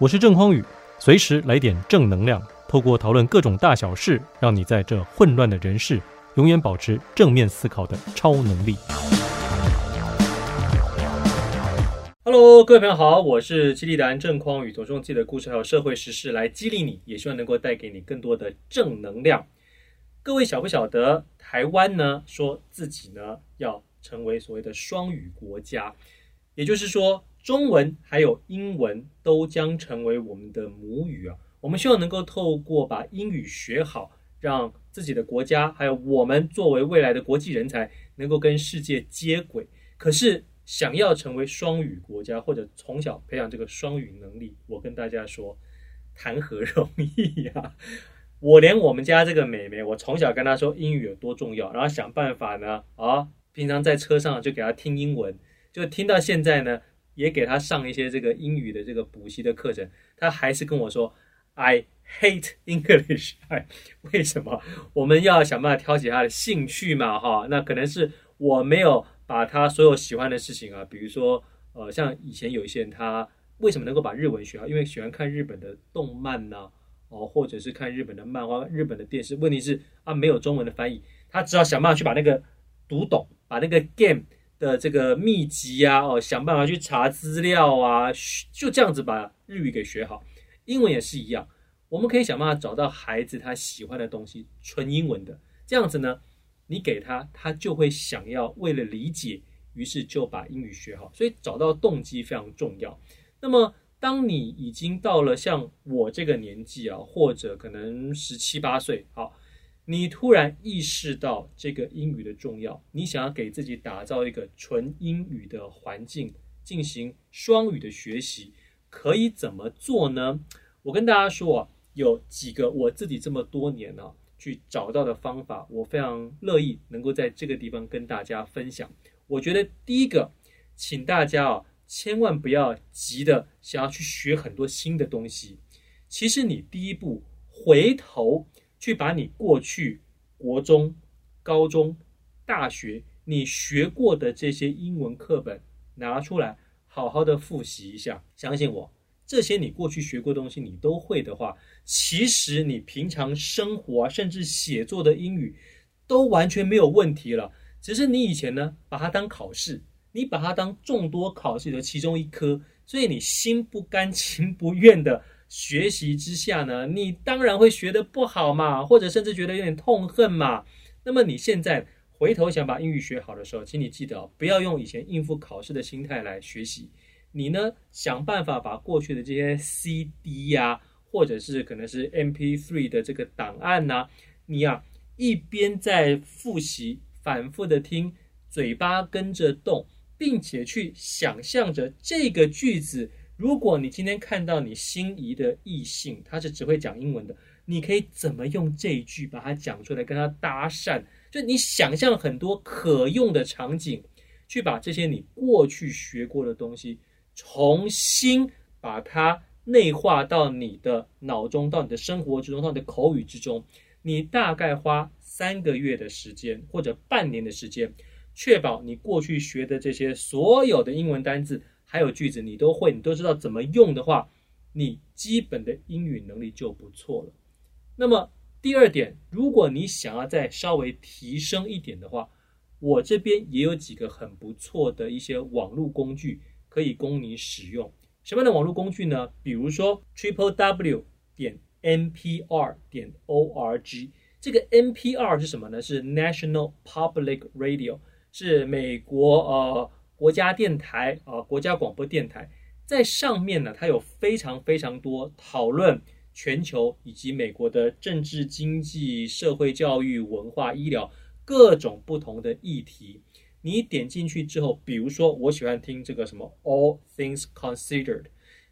我是鄭匡宇，隨時來點正能量。透過討論各種大小事，讓你在這混亂的人世，永遠保持正面思考的超能力。Hello，各位朋友好，我是激勵男鄭匡宇，着重自己的故事還有社會時事來激勵你，也希望能夠帶給你更多的正能量。各位曉不曉得，台灣呢說自己呢要成為所謂的雙語國家，也就是說。中文還有英文都將成為我們的母語啊！我們希望能夠透過把英語學好，讓自己的國家還有我們作為未來的國際人才能夠跟世界接軌。可是想要成為雙語國家或者從小培養這個雙語能力，我跟大家說，談何容易呀、啊！我連我們家這個妹妹，我從小跟她說英語有多重要，然後想辦法呢啊，平常在車上就給她聽英文，就聽到現在呢。也給他上一些這個英語的這個補習的課程，他還是跟我說，I hate English，哎，為什麼？我們要想辦法挑起他的興趣嘛，哈，那可能是我沒有把他所有喜歡的事情啊，比如說，呃，像以前有一些人，他為什麼能夠把日文學好？因為喜歡看日本的動漫吶，哦，或者是看日本的漫畫、日本的電視。問題是他、啊、沒有中文的翻譯，他只要想辦法去把那個讀懂，把那個 game。的這個秘籍啊，哦，想辦法去查資料啊，就這樣子把日語給學好，英文也是一樣，我們可以想辦法找到孩子他喜歡的東西，純英文的，這樣子呢，你給他，他就會想要為了理解，於是就把英語學好，所以找到動機非常重要。那麼，當你已經到了像我這個年紀啊，或者可能十七八歲，啊。你突然意識到這個英語的重要，你想要給自己打造一個純英語的環境，進行雙語的學習，可以怎麼做呢？我跟大家說啊，有幾個我自己這麼多年呢、啊、去找到的方法，我非常樂意能夠在這個地方跟大家分享。我覺得第一個，請大家啊、哦，千萬不要急的想要去學很多新的東西，其實你第一步回頭。去把你過去國中、高中、大學你學過的這些英文課本拿出來，好好的複習一下。相信我，這些你過去學過的東西你都會的話，其實你平常生活甚至寫作的英語都完全沒有問題了。只是你以前呢，把它當考試，你把它當眾多考試的其中一科，所以你心不甘情不願的。學習之下呢，你當然會學得不好嘛，或者甚至覺得有點痛恨嘛。那麼你現在回頭想把英語學好的時候，請你記得哦，不要用以前應付考試的心態來學習。你呢，想辦法把過去的這些 CD 呀、啊，或者是可能是 MP3 的這個檔案吶、啊，你啊一邊在複習，反覆的聽，嘴巴跟着動，並且去想象着這個句子。如果你今天看到你心儀的異性，他是只會講英文的，你可以怎麼用這一句把他講出來跟他搭訕？就你想象很多可用的場景，去把這些你過去學過的東西，重新把它內化到你的腦中，到你的生活之中，到你的口語之中。你大概花三個月的時間或者半年的時間，確保你過去學的這些所有的英文單字還有句子你都會，你都知道怎麼用的話，你基本的英語能力就不錯了。那麼第二點，如果你想要再稍微提升一點的話，我這邊也有幾個很不錯的一些網絡工具可以供你使用。什麼樣的網絡工具呢？比如說 Triple W 點 N P R 點 O R G 這個 NPR 是什麼呢？是 National Public Radio，是美國呃。國家電台啊，國家廣播電台在上面呢，它有非常非常多討論全球以及美國的政治、經濟、社會、教育、文化、醫療各種不同的議題。你點進去之後，比如說我喜歡聽這個什麼 All Things Considered，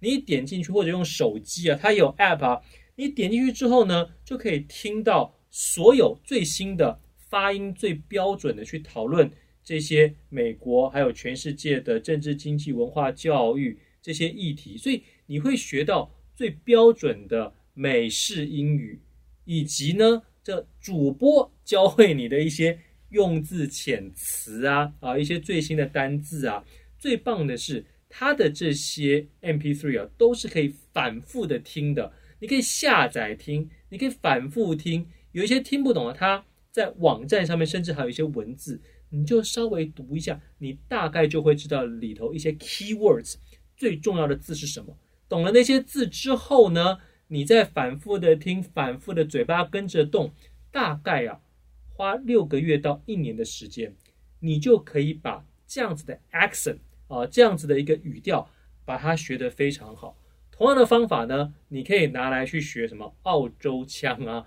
你點進去或者用手機啊，它有 app 啊，你點進去之後呢，就可以聽到所有最新的發音最標準的去討論。這些美國還有全世界的政治、經濟、文化、教育這些議題，所以你會學到最標準的美式英語，以及呢，這主播教會你的一些用字遣詞啊啊，一些最新的單字啊。最棒的是，它的這些 MP3 啊，都是可以反復的聽的，你可以下載聽，你可以反復聽。有一些聽不懂的，它在網站上面甚至還有一些文字。你就稍微讀一下，你大概就會知道裡頭一些 key words，最重要的字是什麼。懂了那些字之後呢，你再反覆的聽，反覆的嘴巴跟着動，大概啊，花六個月到一年的時間，你就可以把這樣子的 accent 啊，這樣子的一個語調，把它學得非常好。同樣的方法呢，你可以拿來去學什麼澳洲腔啊。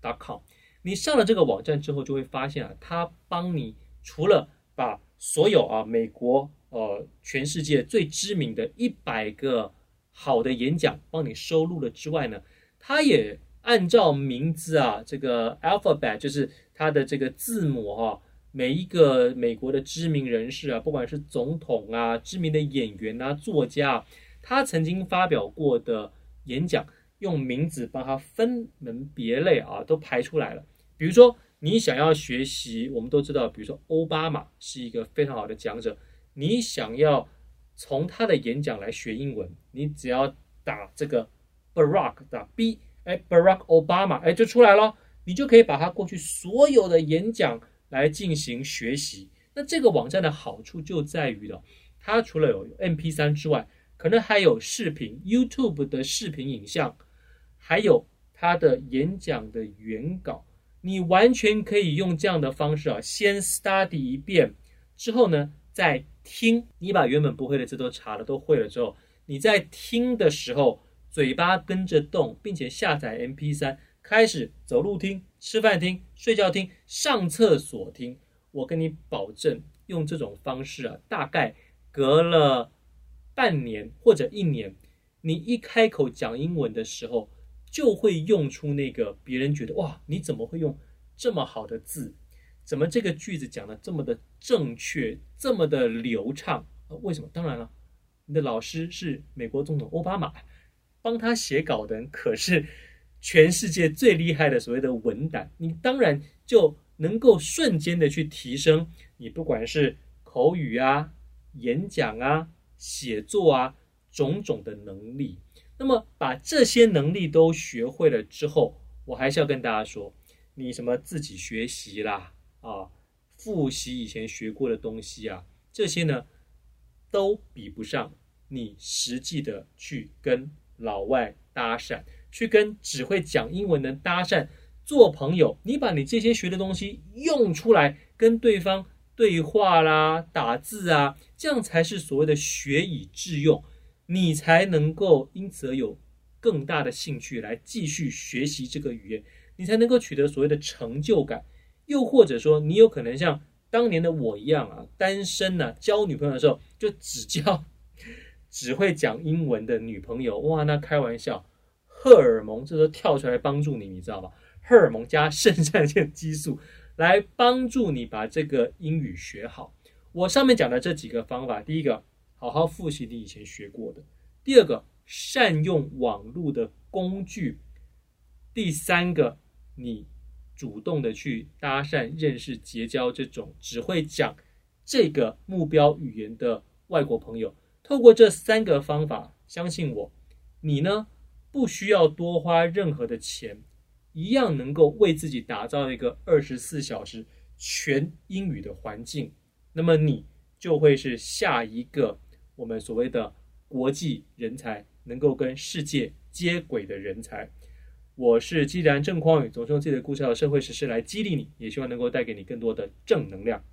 dot com，你上了這個網站之後，就會發現啊，他幫你除了把所有啊美國呃全世界最知名的一百個好的演講幫你收錄了之外呢，他也按照名字啊這個 alphabet 就是他的這個字母哈、啊，每一個美國的知名人士啊，不管是總統啊、知名的演員啊、作家、啊，他曾經發表過的演講。用名字把它分門別類啊，都排出來了。比如說，你想要學習，我們都知道，比如說奧巴馬是一個非常好的講者，你想要從他的演講來學英文，你只要打這個 Barack，打 B，哎，Barack Obama，哎，就出來了。你就可以把他過去所有的演講來進行學習。那這個網站的好處就在於的，它除了有 MP3 之外，可能還有視頻，YouTube 的視頻影像。還有他的演講的原稿，你完全可以用這樣的方式啊，先 study 一遍，之後呢，再聽。你把原本不會的字都查了，都會了之後，你在聽的時候嘴巴跟着動，並且下載 MP3，開始走路聽、吃飯聽、睡覺聽、上廁所聽。我跟你保證，用這種方式啊，大概隔了半年或者一年，你一開口講英文的時候，就會用出那個別人覺得哇，你怎麼會用這麼好的字？怎麼這個句子講得這麼的正確，這麼的流暢？為什麼？當然了，你的老師是美國總統奧巴馬，幫他寫稿的人可是全世界最厲害的所謂的文膽，你當然就能夠瞬間的去提升你不管是口語啊、演講啊、寫作啊種種的能力。那麼把這些能力都學會了之後，我還是要跟大家說，你什麼自己學習啦啊，複習以前學過的東西啊，這些呢都比不上你實際的去跟老外搭訕，去跟只會講英文的搭訕做朋友。你把你這些學的東西用出來跟對方對話啦、打字啊，這樣才是所謂的學以致用。你才能夠因此而有更大的興趣來繼續學習這個語言，你才能夠取得所謂的成就感。又或者說，你有可能像當年的我一樣啊，單身吶、啊，交女朋友的時候就只交只會講英文的女朋友。哇，那開玩笑，荷爾蒙這時候跳出來幫助你，你知道吧？荷爾蒙加腎上腺激素來幫助你把這個英語學好。我上面講的這幾個方法，第一個。好好複習你以前學過的。第二個，善用網絡的工具。第三個，你主動的去搭訕、認識、結交這種只會講這個目標語言的外國朋友。透過這三個方法，相信我，你呢，不需要多花任何的錢，一樣能夠為自己打造一個二十四小時全英語的環境。那麼你就會是下一個。我們所謂的國際人才，能夠跟世界接軌的人才。我是既然鄭匡宇，總是用自己的故事和社會時事來激勵你，也希望能夠帶給你更多的正能量。